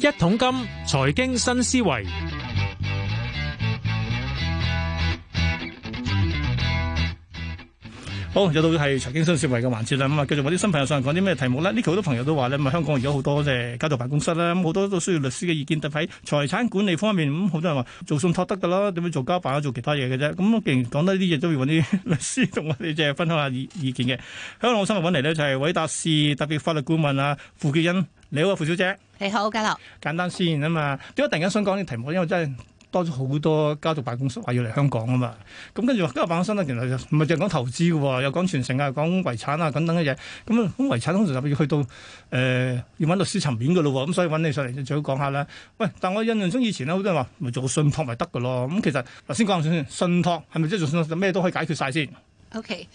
一桶金，財經新思維。好，又到係財經新思維嘅環節啦，咁、嗯、啊，繼續揾啲新朋友上嚟講啲咩題目咧？呢期好多朋友都話咧，咁、嗯、啊，香港而家好多即係家族辦公室啦，咁、嗯、好多都需要律師嘅意見，特別喺財產管理方面，咁、嗯、好多人話做信託得噶啦，點樣做家辦啊，做其他嘢嘅啫。咁、嗯、既然講得呢啲嘢，都要揾啲律師同我哋即係分享下意意見嘅。香、嗯、港新聞揾嚟咧就係衛達仕，特別法律顧問啊，傅潔恩。你好啊，傅小姐，你好，嘉樂，簡單先啊嘛，點、嗯、解突然間想講啲題目？因為真係。多咗好多家族辦公室話要嚟香港啊嘛，咁跟住今家辦公室咧，原來就唔係淨係講投資嘅喎，又講傳承啊，講遺產啊，等等嘅嘢。咁咁遺產通常特別要去到誒，要揾律師層面嘅咯。咁所以揾你上嚟就最好講下啦。喂，但我印象中以前咧，好多人話咪做信託咪得嘅咯。咁其實頭先講先，信託係咪即係做信託就咩都可以解決晒先？OK。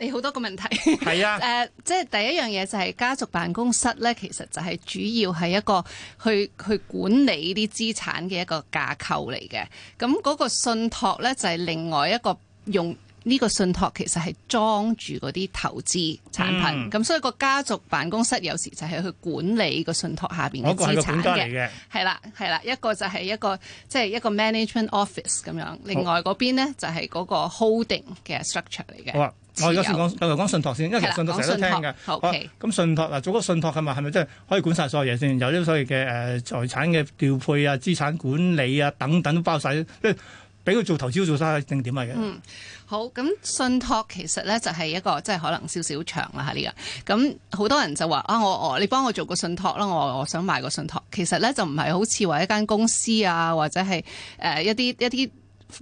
你好多個問題。 係啊，誒、呃，即係第一樣嘢就係家族辦公室咧，其實就係主要係一個去去管理啲資產嘅一個架構嚟嘅。咁嗰個信託咧就係、是、另外一個用呢個信託其實係裝住嗰啲投資產品。咁、嗯、所以個家族辦公室有時就係去管理信個信託下邊嘅資產嘅，係啦，係啦，一個就係一個即係、就是、一個 management office 咁樣。另外嗰邊咧就係、是、嗰個 holding 嘅 structure 嚟嘅。有我而家先講，例如講信託先，因為其實信託成日都聽嘅。咁信託嗱做個信託係咪係咪即係可以管晒所有嘢先？有啲所謂嘅誒財產嘅調配啊、資產管理啊等等都包晒，即係俾佢做投資做晒正點嚟嘅。好，咁信託其實咧就係一個即係、就是、可能少少長啦，呢、這個。咁好多人就話啊，我我你幫我做個信託啦，我我想買個信託。其實咧就唔係好似話一間公司啊，或者係誒、呃、一啲一啲。一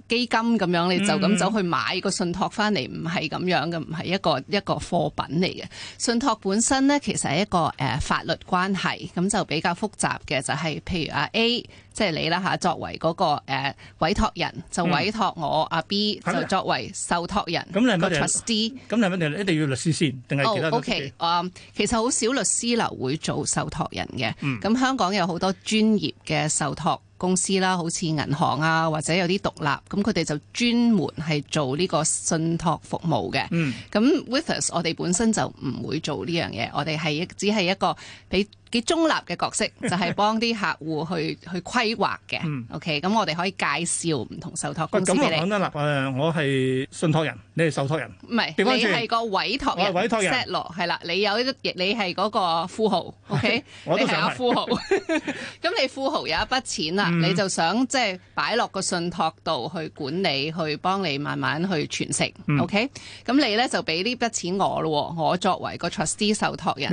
基金咁樣，你就咁走去買個信託翻嚟，唔係咁樣嘅，唔係一個一個貨品嚟嘅。信託本身咧，其實係一個誒、呃、法律關係，咁、嗯、就比較複雜嘅。就係、是、譬如阿 A，即係你啦吓、啊，作為嗰、那個誒、呃、委託人，就委託我阿 B，就作為受託人個、嗯、trustee 咁係一定要律師先？定係 OK 啊，oh, okay, um, 其實好少律師樓會做受託人嘅。咁、嗯、香港有好多專業嘅受託。公司啦，好似銀行啊，或者有啲獨立，咁佢哋就專門係做呢個信託服務嘅。嗯，咁 Withers 我哋本身就唔會做呢樣嘢，我哋係一，只係一個俾嘅中立嘅角色就係幫啲客戶去去規劃嘅。O K. 咁我哋可以介紹唔同受託公司俾你。咁講得啦，誒，我係信託人，你係受託人。唔係，你係個委託人。set 落係啦，你有你係嗰個富豪。O K. 我都想係富豪。咁你富豪有一筆錢啦，你就想即係擺落個信託度去管理，去幫你慢慢去傳承。O K. 咁你咧就俾呢筆錢我咯，我作為個 trustee 受託人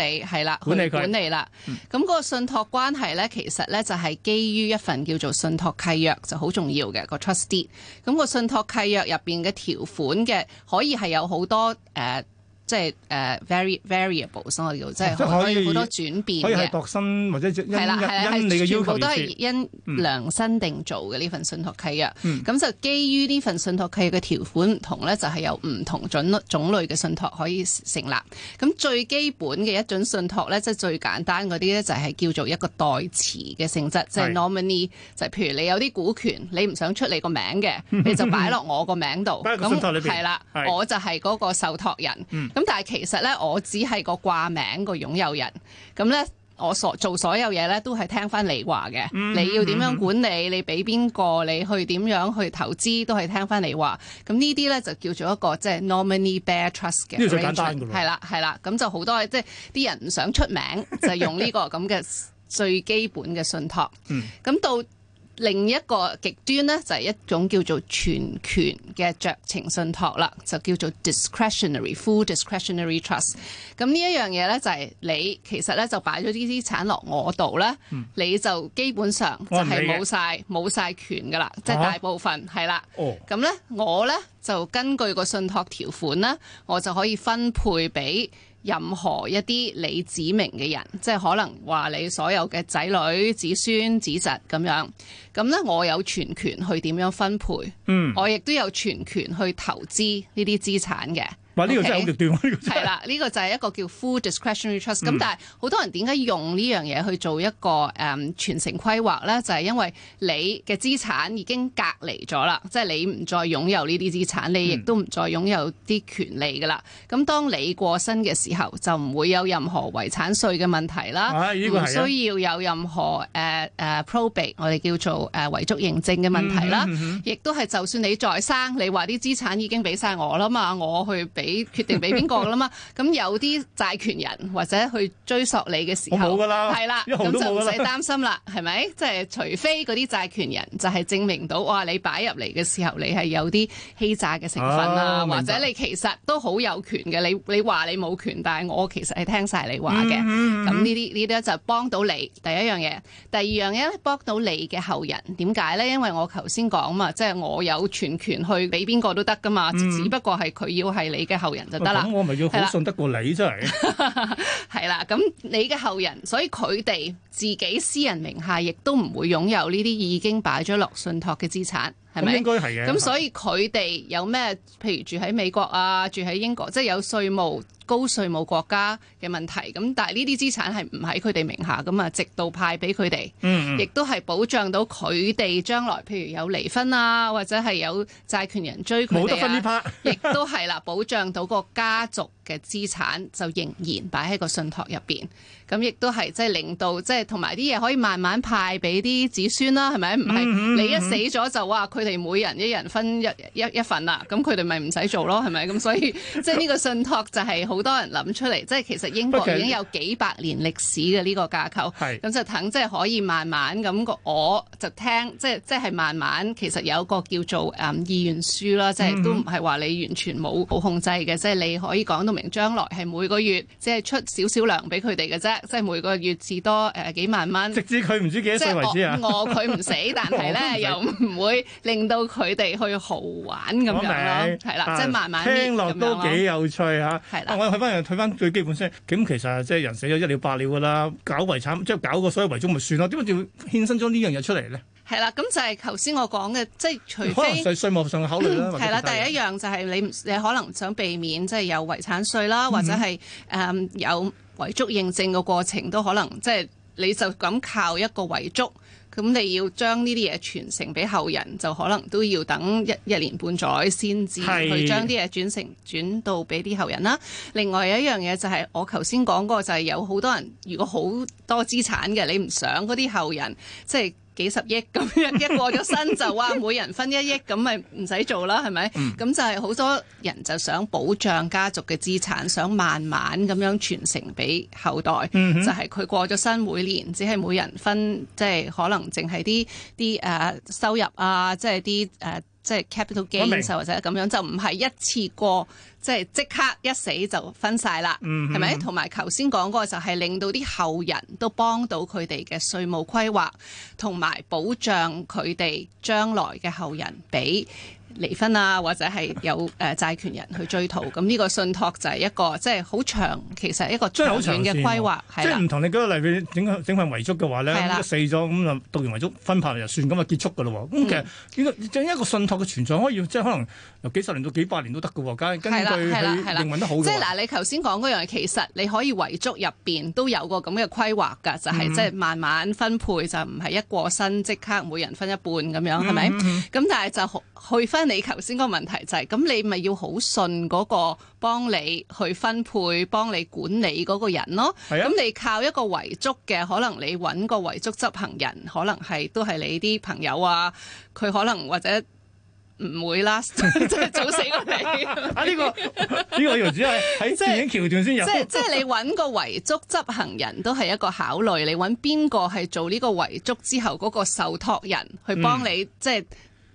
你係啦，管理佢。管理啦，咁、 嗯、個信託關係咧，其實咧就係基於一份叫做信託契約，就好重要嘅個 trustee。咁、個信託契約入邊嘅條款嘅，可以係有好多誒。呃即係誒 variable 所以我叫即係可以好多轉變，可以係度身或者因因你嘅要求，都係因量身定做嘅呢份信託契約。咁就基於呢份信託契約嘅條款，唔同咧就係有唔同準種類嘅信託可以成立。咁最基本嘅一種信託咧，即係最簡單嗰啲咧，就係叫做一個代持嘅性質，即係 nominee。就譬如你有啲股權，你唔想出你個名嘅，你就擺落我個名度，咁係啦，我就係嗰個受託人。咁但係其實咧，我只係個掛名個擁有人，咁咧我所做所有嘢咧都係聽翻你話嘅。嗯、你要點樣管理，嗯、你俾邊個，你去點樣去投資，都係聽翻你話。咁呢啲咧就叫做一個即係、就是、nominee bare trust 嘅，最簡單㗎啦。係啦，係啦，咁就好多即係啲人唔想出名， 就用呢個咁嘅最基本嘅信託。咁、嗯、到。另一個極端咧，就係、是、一種叫做全權嘅酌情信託啦，就叫做 discretionary full discretionary trust。咁、嗯、呢一樣嘢咧，就係、是、你其實咧就擺咗啲資產落我度咧，嗯、你就基本上就係冇晒冇晒權噶啦，即、就、係、是、大部分係啦。哦，咁咧我咧就根據個信託條款咧，我就可以分配俾任何一啲你指明嘅人，即係可能話你所有嘅仔女、子孫、子侄咁樣，咁咧，我有全權去點樣分配，嗯、我亦都有全權去投資呢啲資產嘅。呢哇 Okay, 個真係好極端喎！啦、這個，呢、這個就係一個叫 full discretionary trust、嗯。咁但係好多人點解用呢樣嘢去做一個誒、um, 全程規劃咧？就係、是、因為你嘅資產已經隔離咗啦，即係你唔再擁有呢啲資產，你亦都唔再擁有啲權利㗎啦。咁、嗯、當你過身嘅時候，就唔會有任何遺產稅嘅問題啦。係、啊，呢、這個、唔需要有任何誒誒、uh, uh, probate，我哋叫做誒遺囑認證嘅問題啦。亦都係，就算你再生，你話啲資產已經俾晒我啦嘛，我去。俾 決定俾邊個噶啦嘛？咁有啲債權人或者去追索你嘅時候，我好噶啦，的一毫都唔使擔心啦，係咪？即係除非嗰啲債權人就係證明到哇，你擺入嚟嘅時候，你係有啲欺詐嘅成分啦、啊，啊、或者你其實都好有權嘅，你你話你冇權，但係我其實係聽晒你話嘅。咁呢啲呢啲咧就幫到你第一樣嘢，第二樣嘢幫到你嘅後人點解呢？因為我頭先講嘛，即係我有全權去俾邊個都得噶嘛，只不過係佢要係你。嗯嘅後人就得啦，咁我咪要好信得過你出嚟，係啦。咁 你嘅後人，所以佢哋自己私人名下亦都唔會擁有呢啲已經擺咗落信託嘅資產。咪？係係應該係嘅。咁所以佢哋有咩？譬如住喺美國啊，住喺英國，即係有稅務高稅務國家嘅問題。咁但係呢啲資產係唔喺佢哋名下，咁啊，直到派俾佢哋，亦都係保障到佢哋將來，譬如有離婚啊，或者係有債權人追佢、啊，冇得分呢 part，亦都係啦， 保障到個家族嘅資產就仍然擺喺個信託入邊。咁亦都係即係令到即係同埋啲嘢可以慢慢派俾啲子孫啦、啊，係咪？唔係、嗯嗯嗯嗯、你一死咗就話佢哋每人一人分一一一份啦、啊，咁佢哋咪唔使做咯，係咪？咁所以即係呢個信託就係好多人諗出嚟，即係其實英國已經有幾百年歷史嘅呢個架構。係咁 Okay. 就等即係可以慢慢咁、嗯，我就聽即係即係慢慢。其實有一個叫做誒意願書啦，即係都唔係話你完全冇冇控制嘅，即係你可以講到明將來係每個月即係出少少糧俾佢哋嘅啫，即係每個月至多誒、啊、幾萬蚊，直至佢唔知幾多歲為止佢唔、啊、死，但係咧 又唔會。令到佢哋去豪玩咁、嗯、樣咯，係啦、啊，即係慢慢聽落都幾有趣嚇。係啦、啊的啊，我睇翻睇翻最基本先。咁其實即係人死咗一了百了㗎啦，搞遺產即係搞個所有遺囑咪算咯？點解要牽身咗呢樣嘢出嚟咧？係啦，咁就係頭先我講嘅，即係除可能係稅務上嘅考慮啦。啦、嗯，第一樣就係你你可能想避免即係有遺產稅啦，或者係誒、嗯嗯、有遺囑認證嘅過程都可能，即係你就咁靠一個遺囑。咁你要將呢啲嘢傳承俾後人，就可能都要等一一年半載先至去將啲嘢轉成是轉到俾啲後人啦。另外有一樣嘢就係，是、我頭先講過，就係有好多人如果好多資產嘅，你唔想嗰啲後人即係。就是幾十億咁樣 一過咗身，就話每人分一億，咁咪唔使做啦係咪？咁、嗯、就係好多人就想保障家族嘅資產，想慢慢咁樣傳承俾後代。嗯、哼就係佢過咗身，每年只係每人分，即、就、係、係、可能淨係啲啲誒收入啊，即係啲誒。啊即係 capital gain 或者咁樣，就唔係一次過，即係即刻一死就分晒啦，係咪、嗯哼？同埋頭先講嗰個就係令到啲後人都幫到佢哋嘅稅務規劃，同埋保障佢哋將來嘅後人俾。離婚啊，或者係有誒、呃、債權人去追討，咁呢個信託就係一個即係好長，其實一個好長嘅規劃係、啊、了即係唔同你舉個例，你整整份遺囑嘅話咧，如果死咗咁就讀完遺囑分派就算咁就結束㗎咯。咁其實整、這、一、個嗯、個信託嘅存在可以即係可能由幾十年到幾百年都得㗎喎，跟根據佢運運得好。即係嗱，你頭先講嗰樣，其實你可以遺囑入邊都有個咁嘅規劃㗎，就係即係慢慢分配，嗯、就唔係一過身即刻每人分一半咁樣，係咪、嗯？咁、嗯、但係就。去返你頭先個問題就係、是，咁你咪要好信嗰個幫你去分配、幫你管理嗰個人咯。係啊，咁你靠一個遺囑嘅，可能你揾個遺囑執行人，可能係都係你啲朋友啊。佢可能或者唔會啦，即 係早死過你。啊，呢個呢個又只係喺電影橋段先有。即即係你揾個遺囑執行人都係一個考慮，你揾邊個係做呢個遺囑之後嗰、那個受託人去幫你，即係、嗯。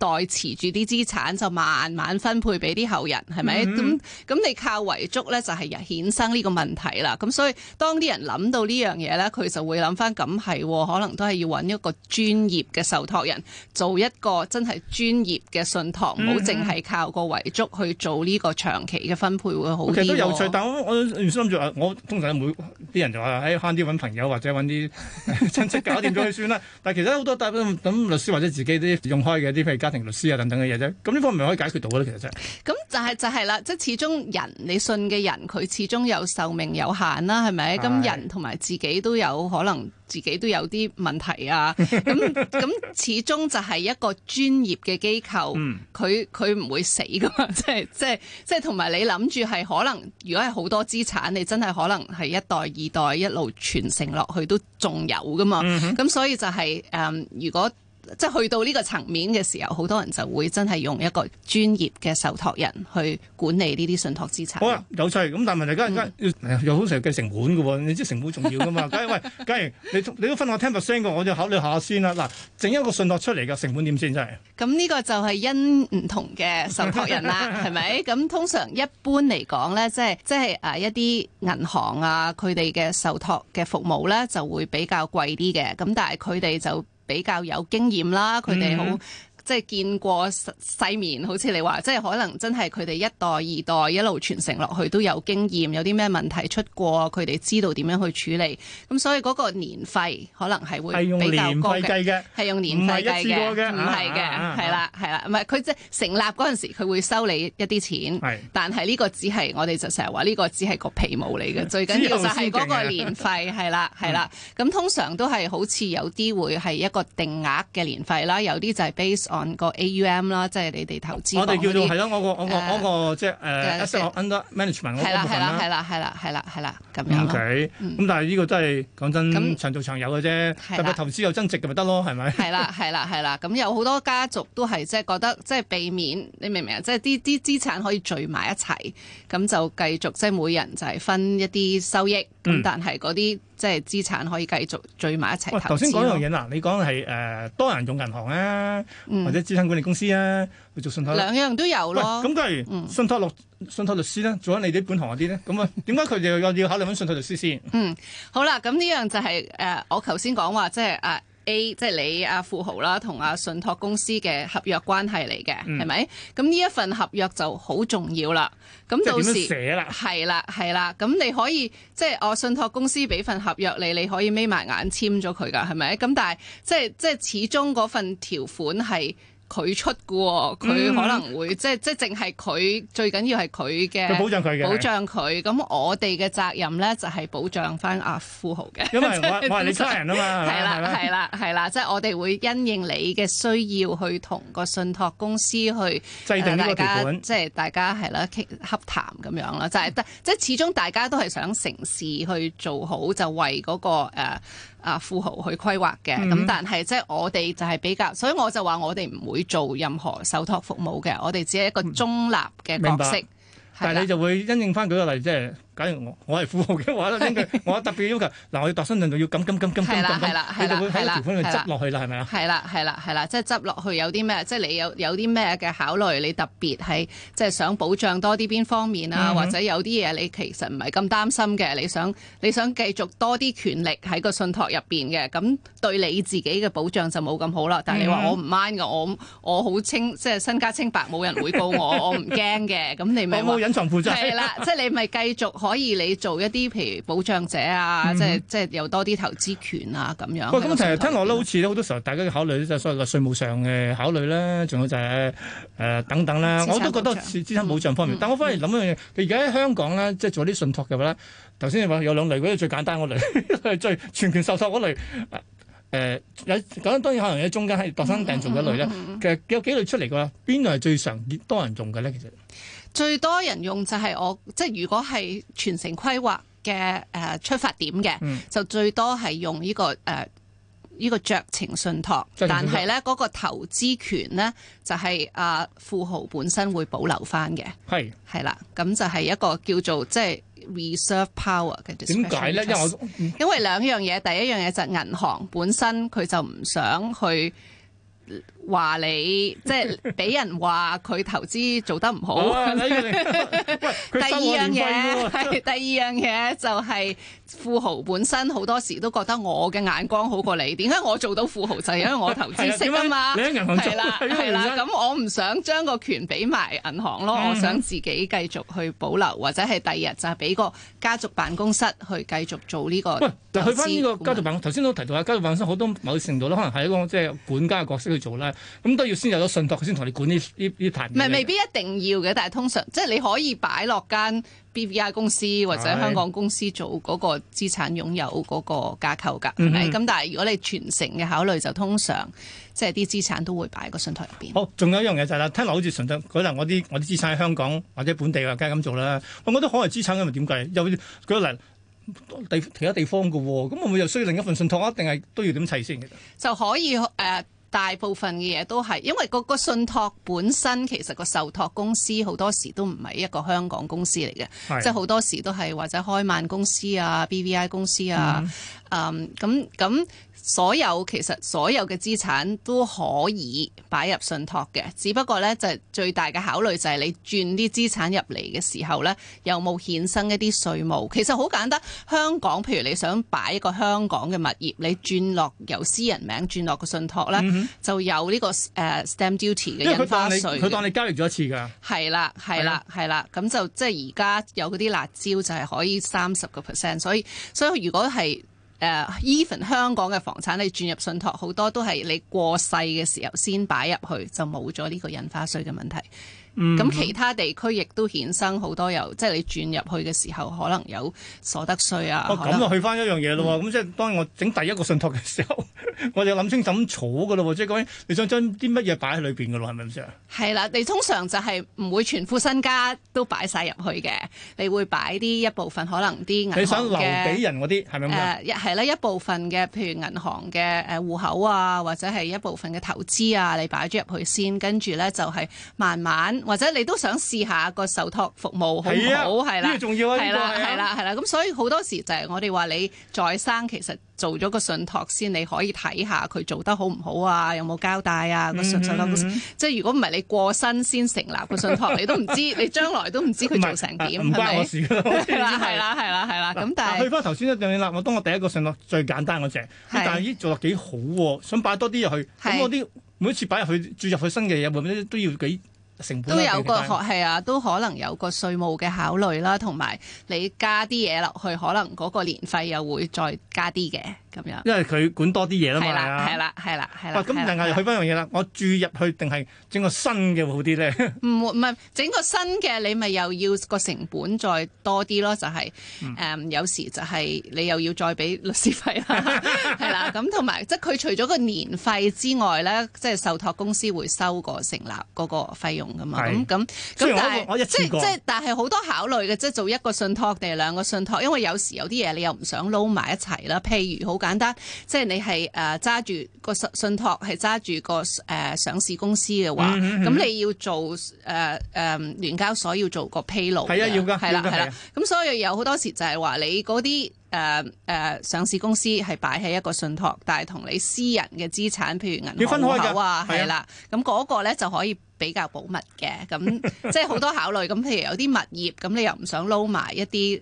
代持住啲資產就慢慢分配俾啲後人，係咪？咁咁、嗯哼嗯嗯嗯、你靠遺囑咧就係、是、衍生呢個問題啦。咁、嗯、所以當啲人諗到呢樣嘢咧，佢就會諗翻咁係，可能都係要揾一個專業嘅受託人做一個真係專業嘅信託，唔好淨係靠個遺囑去做呢個長期嘅分配會好啲其實。okay, 都有趣，但我原先諗住我，我通常每都會啲人就話唉慳啲揾朋友或者揾啲、哎、親戚搞掂咗佢算啦。 但係其實好多大都等律師或者自己啲用開嘅啲譬如律師啊，等等嘅嘢啫，咁呢方面咪可以解決到嘅咧，其實啫。咁就係就係啦，即係始終人你信嘅人，佢始終有壽命有限啦、啊，係咪？咁是人同埋自己都有可能，自己都有啲問題啊。咁咁 始終就係一個專業嘅機構，佢佢唔會死噶嘛。即係即係即係，同埋你諗住係可能，如果係好多資產，你真係可能係一代二代一路傳承落去都仲有噶嘛。咁、嗯、哼所以就係、是、誒、呃，如果。即係去到呢個層面嘅時候，好多人就會真係用一個專業嘅受託人去管理呢啲信託資產。好、啊、有趣，咁但係問題，而家又好成日計成本噶，你知成本重要噶嘛？假如 喂，假如你你都分我聽 message 我就考慮下先、啊、啦。嗱，整一個信託出嚟嘅成本點先真係。咁呢個就係因唔同嘅受託人啦，係咪？ 咁通常一般嚟講咧，即係即係誒一啲銀行啊，佢哋嘅受託嘅服務咧就會比較貴啲嘅。咁但係佢哋就。比較有經驗啦，佢哋好。即係見過世面，好似你話，即係可能真係佢哋一代二代一路傳承落去都有經驗，有啲咩問題出過，佢哋知道點樣去處理。咁、嗯、所以嗰個年費可能係會比較高嘅。係用年費計嘅，係用年費計嘅，唔係嘅，係啦係啦，唔係佢即係成立嗰陣時佢會收你一啲錢，啊啊、但係呢個只係我哋就成日話呢個只係個皮毛嚟嘅，最緊要就係嗰個年費係啦係啦。咁通常都係好似有啲會係一個定額嘅年費啦，有啲就係 base。個 AUM 啦，即係你哋投資。我哋叫做係咯，我個我個我個即係誒，under management 嗰部分啦。係啦係啦係啦係啦係啦，咁樣。唔該。咁但係呢個都係講真，咁長做長有嘅啫。特別投資有增值嘅咪得咯，係咪？係啦係啦係啦。咁有好多家族都係即係覺得即係避免，你明唔明啊？即係啲啲資產可以聚埋一齊，咁就繼續即係每人就係分一啲收益。嗯、但係嗰啲即係資產可以繼續聚埋一齊投資。頭先講樣嘢啦，你講係誒多人用銀行啊，嗯、或者資產管理公司啊去做信託咧，兩樣都有咯。咁假如信託律、嗯、信託律師咧，做緊你啲本行嗰啲咧，咁啊點解佢哋又要考慮揾信託律師先？嗯，好啦，咁呢樣就係、是、誒、呃、我頭先講話即係誒。就是 A 即係你阿富豪啦，同阿信託公司嘅合約關係嚟嘅，係咪？咁呢、嗯、一份合約就好重要啦。咁到時寫啦，係啦係啦。咁你可以即係我信託公司俾份合約你，你可以眯埋眼簽咗佢㗎，係咪？咁但係即係即係始終嗰份條款係佢出嘅喎、哦，佢可能會、嗯、即係即係淨係佢最緊要係佢嘅。保障佢嘅，保障佢。咁的我哋嘅責任咧就係、是、保障翻阿富豪嘅。因為我係 你家人啊嘛，係啦係啦係啦，即係、就是、我哋會因應你嘅需要去同個信託公司去制定呢個期權、就是，即係大家係啦，洽談咁樣啦，就係即係始終大家都係想成事去做好，就為嗰、那個、呃啊富豪去規劃嘅，咁、嗯、但係即係我哋就係比較，所以我就話我哋唔會做任何受託服務嘅，我哋只係一個中立嘅角色。嗯、明白、的但係你就會因應翻舉個例子，即、就、係、是。假如我我係富豪嘅話咧，根據我有特別要求，嗱，我要達身證，就要咁咁咁咁咁咁咁，你就會喺條款入邊執落去啦，係咪啊？係啦，係啦，係啦，即係執落去有啲咩？即係你有有啲咩嘅考慮？你特別係即係想保障多啲邊方面啊？嗯、哼或者有啲嘢你其實唔係咁擔心嘅？你想你想繼續多啲權力喺個信託入邊嘅？咁對你自己嘅保障就冇咁好啦。但係你話我唔 mind 嘅，我我好清，即係身家清白，冇人會告我， 我唔驚嘅。咁你咪我冇隱藏負債。係啦，即係你咪繼續。可以你做一啲譬如保障者啊，嗯、即係即係有多啲投資權啊咁樣。喂，咁其實聽落都好似好多時候，大家考慮咧就所謂嘅稅務上嘅考慮啦，仲有就係、是、誒、呃、等等啦。我都覺得資產保障方面，嗯嗯、但我反而諗一樣嘢，而家喺香港咧，即係做啲信託嘅話咧，頭先你話有兩類，嗰啲最簡單類，我 嚟最全權受託嗰類有講、呃，當然可能喺中間係量身訂做嗰類咧。嗯嗯嗯、其實有幾類出嚟嘅話，邊度係最常見多人用嘅咧？其實？最多人用就係我，即係如果係全程規劃嘅誒、呃、出發點嘅，嗯、就最多係用呢、這個誒呢、呃這個酌情信託。信託但係呢嗰、那個投資權呢，就係、是、啊富豪本身會保留翻嘅。係係啦，咁就係一個叫做即係 reserve power 嘅。點解呢？Trust, 因為、嗯、因為兩樣嘢，第一樣嘢就係銀行本身佢就唔想去。話你 即係俾人話佢投資做得唔好。第二樣嘢係，第二樣嘢就係、係。富豪本身好多時都覺得我嘅眼光好過你，點解我做到富豪就係、係、因為我投資識啊嘛？ 你喺銀行做係啦，係啦，咁 我唔想將個權俾埋銀行咯，嗯、我想自己繼續去保留，或者係第二日就係俾個家族辦公室去繼續做呢個。喂，但係去翻呢個家族辦公室，頭先都提到啦，家族辦公室好多某程度咧，可能係一個即係管家嘅角色去做啦。咁都要先有咗信託，先同你管呢呢呢。唔係未必一定要嘅，但係通常即係你可以擺落間。BVI 公司或者香港公司做嗰個資產擁有嗰個架構㗎，係咁、嗯、哼但係如果你全城嘅考慮，就通常即係啲資產都會擺個信託入邊。好，仲有一樣嘢就係、是、啦，聽落好似純粹可能我啲我啲資產喺香港或者本地㗎，梗係咁做啦。我覺得海外資產咁咪點計？又舉個例，地其他地方嘅喎、啊，咁會唔會又需要另一份信託啊？定係都要點砌先嘅？就可以誒。呃大部分嘅嘢都係因為個信託本身其實個受託公司好多時都唔係一個香港公司嚟嘅，是即係好多時都係或者開曼公司啊、BVI 公司啊。嗯嗯，咁、嗯、咁、嗯嗯、所有其實所有嘅資產都可以擺入信託嘅，只不過咧就係最大嘅考慮就係你轉啲資產入嚟嘅時候咧，有冇衍生一啲稅務？其實好簡單，香港譬如你想擺一個香港嘅物業，你轉落由私人名轉落個信託咧，嗯、哼就有呢、呢個誒、uh, stamp duty 嘅印花稅。因為佢當，當你交易咗一次㗎。係啦，係啦，係啦，咁的就即係而家有嗰啲辣椒就係可以三十個 percent，所以，所以，所以，所以如果係。誒，uh，even 香港嘅房產你轉入信託，好多都係你過世嘅時候先擺入去，就冇咗呢個印花稅嘅問題。咁、嗯、其他地區亦都衍生好多又即係你轉入去嘅時候，可能有所得稅啊。咁、啊、就去翻一樣嘢咯喎。咁、嗯、即係當然我整第一個信託嘅時候，我就諗清楚咁儲嘅咯喎。即係講你想將啲乜嘢擺喺裏邊嘅咯，係咪先啊？係啦，你通常就係唔會全副身家都擺晒入去嘅，你會擺啲一,一部分可能啲銀行嘅。你想留俾人嗰啲係咪咁？係啦，一部分嘅，譬如銀行嘅誒戶口啊，或者係一部分嘅投資啊，你擺咗入去先，跟住咧就係慢慢。或者你都想試下個受託服務好唔好？係啦，呢個重要啊！係啦，係啦，係啦。咁所以好多時就係我哋話你再生，其實做咗個信託先，你可以睇下佢做得好唔好啊？有冇交代啊？個信託公司即係如果唔係你過身先成立個信託，你都唔知你將來都唔知佢做成點，唔關我事。係啦，係啦，係啦，咁但係去翻頭先都對立。我當我第一個信託最簡單嗰隻，但係呢做得幾好喎，想擺多啲入去。咁我啲每次擺入去注入去新嘅嘢，會唔會都要幾。都有個學系 啊，都可能有個稅務嘅考慮啦，同埋你加啲嘢落去，可能嗰個年費又會再加啲嘅。因為佢管多啲嘢啦嘛，係啦，係啦，係啦，咁定係去翻樣嘢啦，我注入去定係整個新嘅好啲咧？唔，唔係整個新嘅，你咪又要個成本再多啲咯？就係、是、誒、嗯嗯，有時就係、是、你又要再俾律師費啦，係啦。 咁同埋即係佢除咗個年費之外咧，即係受託公司會收個成立嗰個費用噶嘛。咁咁咁，但係即係即係，但係好多考慮嘅，即係做一個信託定係兩個信託？因為有時有啲嘢你又唔想撈埋一齊啦，譬如好。簡單，即係你係誒揸住個信託，係揸住個誒上市公司嘅話，咁你要做誒誒聯交所要做個披露。係啊，要噶，係啦，係啦。咁所以有好多時就係話你嗰啲誒誒上市公司係擺喺一個信託，但係同你私人嘅資產，譬如銀行你分開咗啊，係啦，咁嗰個咧就可以比較保密嘅。咁即係好多考慮。咁譬如有啲物業，咁你又唔想撈埋一啲誒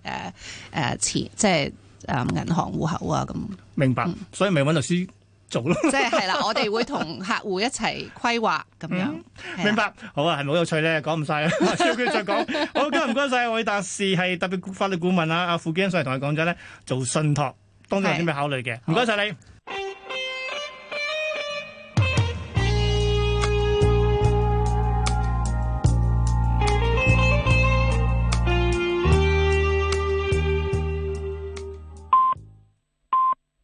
誒錢，即係。誒，銀行戶口啊，咁明白，嗯、所以咪揾律師做咯、就是。即係係啦，我哋會同客戶一齊規劃咁樣。嗯、的明白，好啊，係咪好有趣咧？講唔晒，稍 後再講。好，今日唔該晒，衛達仕係特別法律顧問啊，阿傅潔恩上嚟同你講咗咧，做信託當中有啲咩考慮嘅？唔該晒你。